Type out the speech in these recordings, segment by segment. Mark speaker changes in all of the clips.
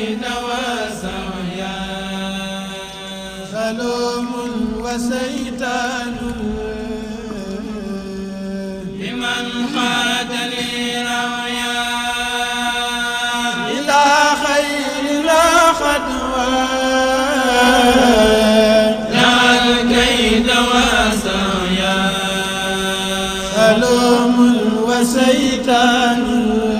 Speaker 1: بين وسعيا سلام لمن خاد لي رويا إلى خير لا خدوى لا الكيد وسعيا سلام وسيتان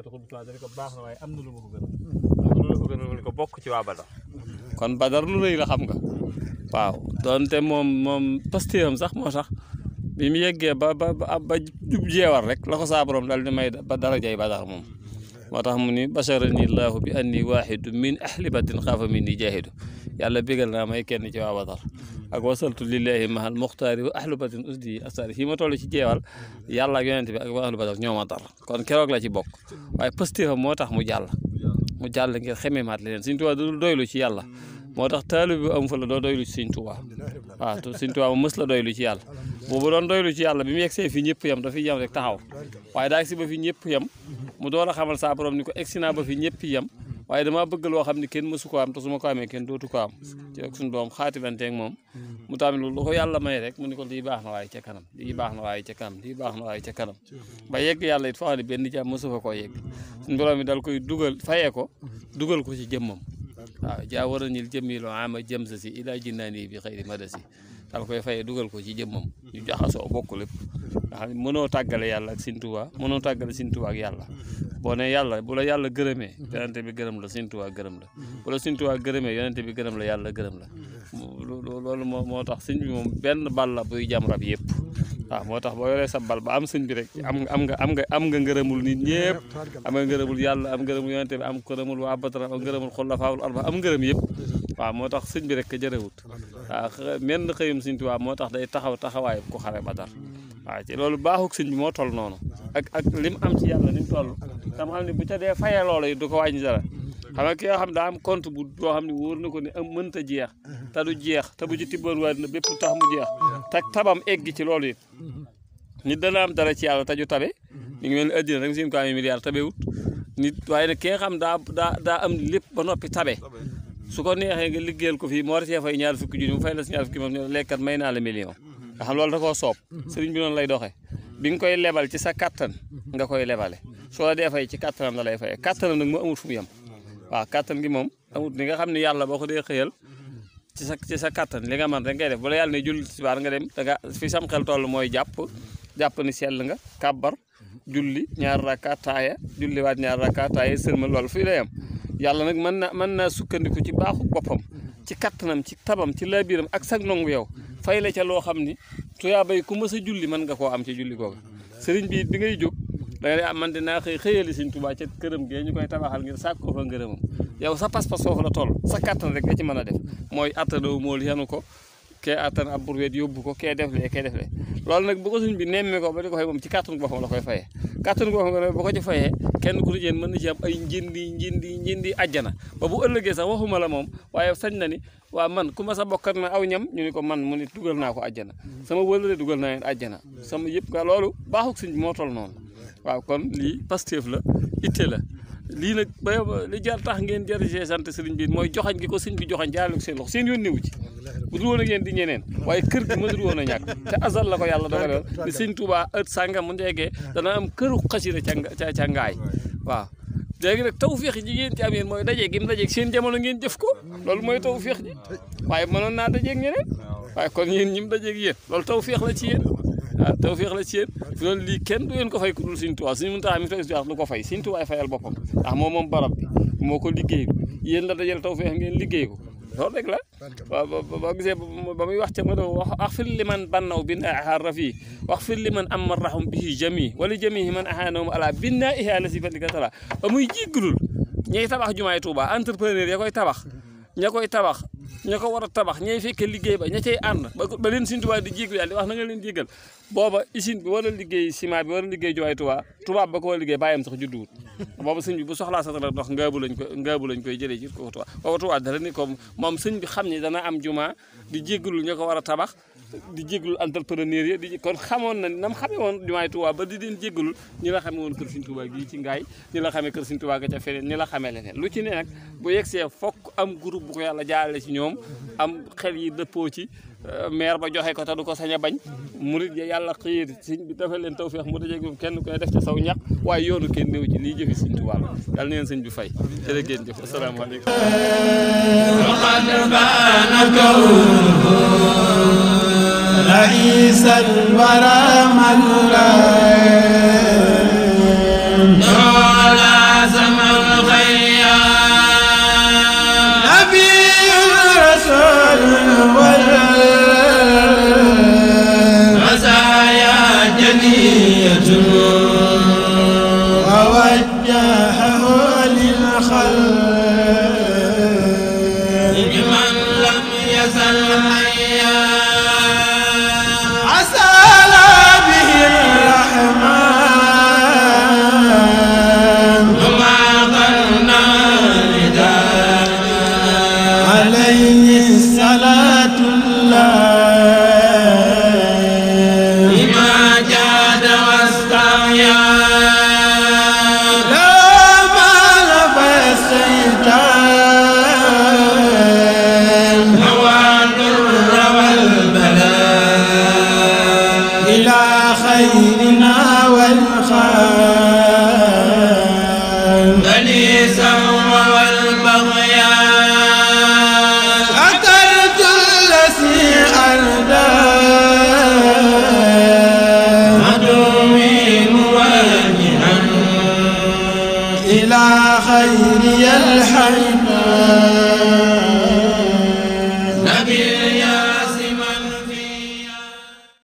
Speaker 2: waaye taxul bislaam dana ko baax na waaye am na lu ma hmm. ko bokk ci waa Badar kon Badar lu rëy la xam nga waaw doonte moom moom pastéeram sax moo sax bi mu yeggee ba ba ba jub jeewar rek loxo ko saa borom dal di may ba darajay Badar moom ورحمني بشرني الله بأني واحد من أهل بدن خاف مني جاهد يلا بيقلنا ما يكن جواب دار أقوصلت لله مع المختار وأهل بدن أسدي أسدي هما طول شي جوال يلا جوانت بأقوى أهل بدن نيوم دار كون كروك لاشي بوك وأي بستيها موتا مجال مجال لنجي خمي مات سنتوا دول دولو شي يلا moo tax taalibe bu am fa la doo doylu ci Sëñ Tuubaa waaw Sëñ Tuubaa mu mës la doylu ci yàlla boobu doon doylu bi mu yegsee fi ñëpp yem dafiy yem rek taxaw waaye daa egsi ba fi ñëpp yem mu door a xamal saa borom ni ko egsi naa ba fi ñëpp yem waaye damaa bëgg loo xam ne kenn mësu ko am te su ma ko amee kenn dootu ko am ci ak suñu doom xaatimante ak moom mu tamit lu ko yàlla may rek mu ni ko lii baax na waaye ca kanam lii baax na waaye ca kanam lii baax na waaye ca kanam ba yegg yàlla it foo xam ne benn jaam mësu fa ko yegg suñu borom mi dal koy dugal fayee ko dugal ko ci jëmmam a ah, waaw jaawaranil jëmmilu ama jëmsa si ilaa jinnaani bi xëy di madasi dama koy fayee dugal ko ci jëmmam ñu jaxasoo bokk lépp nga xam ne mënoo tàggale yàlla ak Sëriñ Tuubaa mënoo tàggale Sëriñ ak yàlla boo ne yàlla bu la yàlla gërëmee yonent bi gërëm la Sëriñ Tuubaa gërëm la bu la Sëriñ gërëmee yonent bi gërëm la yàlla gërëm la loolu moo tax sëriñ bi moom benn bàlla buy jam rab yëpp waaw ah, moo tax boo yoree sa bal ba am sëñ bi rek am am nga am nga am nga ngërëmul nit ñëpp am nga ngërëmul yàlla am ngërëmul yonente bi am ngërëmul waa Badar am ngërëmul xulafaawul arba am ngërëm yëpp waaw moo tax sëñ bi rek jërewut waaw ah, menn xëyum sëñ Tuubaa moo tax day taxaw taxawaay ku xare Badar waaw ci loolu baaxuk sëñ bi moo tol noonu ak ak lim am ci yàlla ni mu toll tam xam ne bu ca dee fayee loola yi du ko dara xam nga ki nga daa am compte bu boo xam ne wóor na ko ne am mënta jeex te du jeex te bu ci tibboon waa dina bépp tax mu jeex te tabam egg ci loolu it nit dana am dara ci yàlla te ju tabe ñu ngi mel ni nit waaye nag ki xam daa daa daa am lépp ba noppi tabe su ko neexee nga liggéeyal ko fii moo resee fay ñaar fukki junni mu fay la si ñaar fukki moom ne lekkat may naa la million nga xam loolu da koo soob sëriñ bi noonu lay doxee bi nga koy lebal ci sa kattan nga koy lebale soo la dee fay ci kattanam la lay fayee kattanam moo amul fu mu waaw kàttan gi moom amut ni nga xam ne yàlla boo ko dee xëyal ci sa ci sa kàttan li nga man da ngay def bu la yàlla ne julli tisbaar nga dem da nga fi sam xel toll mooy jàpp jàpp ni sell nga kàbbar julli ñaar rakka taaya julli waat ñaar rakka taaya sërmal loolu lay am yàlla man mën na sukkandiku ci baaxu boppam ci kattanam ci tabam ci laabiram ak sag nong yow fay la ca loo xam ni tuyaa bay ku mës a julli man nga koo am ci julli googu sëriñ bi bi ngay jóg danga am ah, man dinaa xëy xëyali Sëñ Tuubaa ca këram gee ñu koy tabaxal ngir sàkk ko fa ngërëmam yow sa pas-pas foofu la sa kattan rek nga a def mooy attanawu mool yanu ko kee attan ab burwet yóbbu ko kee def lee kee def lee loolu nag bu ko ko ba di ko fay moom ci kàttan ko boppam fayee kàttan ko boppam ba ko ci fayee kenn ku ci yéen mën na ci am ay njindi njindi njindi àjjana ba waxuma la moom waaye sañ na ni waa man ku ma sa na aw ñam ñu ni ko man mu ni dugal naa ko àjjana sama wëlëre dugal naa leen àjjana sama yëpp loolu baaxuk suñ moo toll noonu waaw kon lii Pastef la itte la lii nag ba li jar tax ngeen jar a sant sëriñ bi mooy joxañ gi ko sëriñ bi joxañ jaarale ko seen loxo seen yoon néew ci bu woon ak yéen di ñeneen waaye kër gi mënul woon a ñàkk te azal la ko yàlla dogal ni sëriñ Tuubaa ët sàngam mu ndeegee dana am këru xasida ca ca ngaay waaw léegi nag tawféex ji ngeen ci am yéen mooy daje gi mu dajeeg seen jamono ngeen jëf ko loolu mooy tawféex ji waaye mënoon naa dajeeg ñeneen waaye kon yéen ñi mu la ci ah tawféex la ci yéen fi doon lii kenn du leen ko fay ku dul Sëriñ Tuubaa a Muntaxaa mi toog si du ko fay Sëriñ Tuubaa fayal boppam a moom moom barab bi moo ko liggéey yéen la dajal tawféex ngeen liggéey ko loolu la ba muy wax ca ma a wax wax fir li man a bin ahaar rafi wax fir li man am rahum bihi jami wala jamihi man ahaanahum ala binna iha la si fandika tala ba muy jéggalul ñay tabax jumaay Tuubaa entrepreneur ya koy tabax ña ko war a tabax ñay fekkee liggéey ba ña cay ànd ba leen Sëñ Tuubaa di jégalu yàlla di wax na nga leen jégal booba usine bi war a liggéey ciment bi war a liggéey juwaay Tuubaa tubaab ba ko war a liggéey bàyyam sax judduwut booba sëñ bi bu soxlaa sax dana dox ngaabu lañ ko ngaabu lañ koy jëlee ji kooku Tuubaa kooku Tuubaa dara ni comme moom sëñ bi xam ne dana am juma di jégalul ña ko war a tabax di jégalu entrepreneur yi di kon xamoon na nam xamee woon jumaay Tuubaa ba di leen jégalul ñi la xamee woon kër Sëriñ Tuubaa gii ci ngaay ñi la xamee kër Sëriñ Tuubaa ga ca feneen ñi la xamee lu ci ne nag bu yegsee fokk am groupe bu ko yàlla jaarale ci ñoom am xel yi dëppoo ci euh, maire ba joxe ko te du ko sañ a bañ murit ya yàlla xiir sëñ bi dafa leen tawfeex mu dajeeg ñoom kenn koy def ca saw ñax waaye yoonu kenn néew ci lii jëfi Sëriñ Tuubaa la yàlla na leen sëñ bi fay jërë ngeen jëf asalaamaaleykum
Speaker 1: رئيس الورى ملا خيرنا والخال بني سوم والبغيان أكلت الذي أردى عدوي واجها إلى خيري الحيوان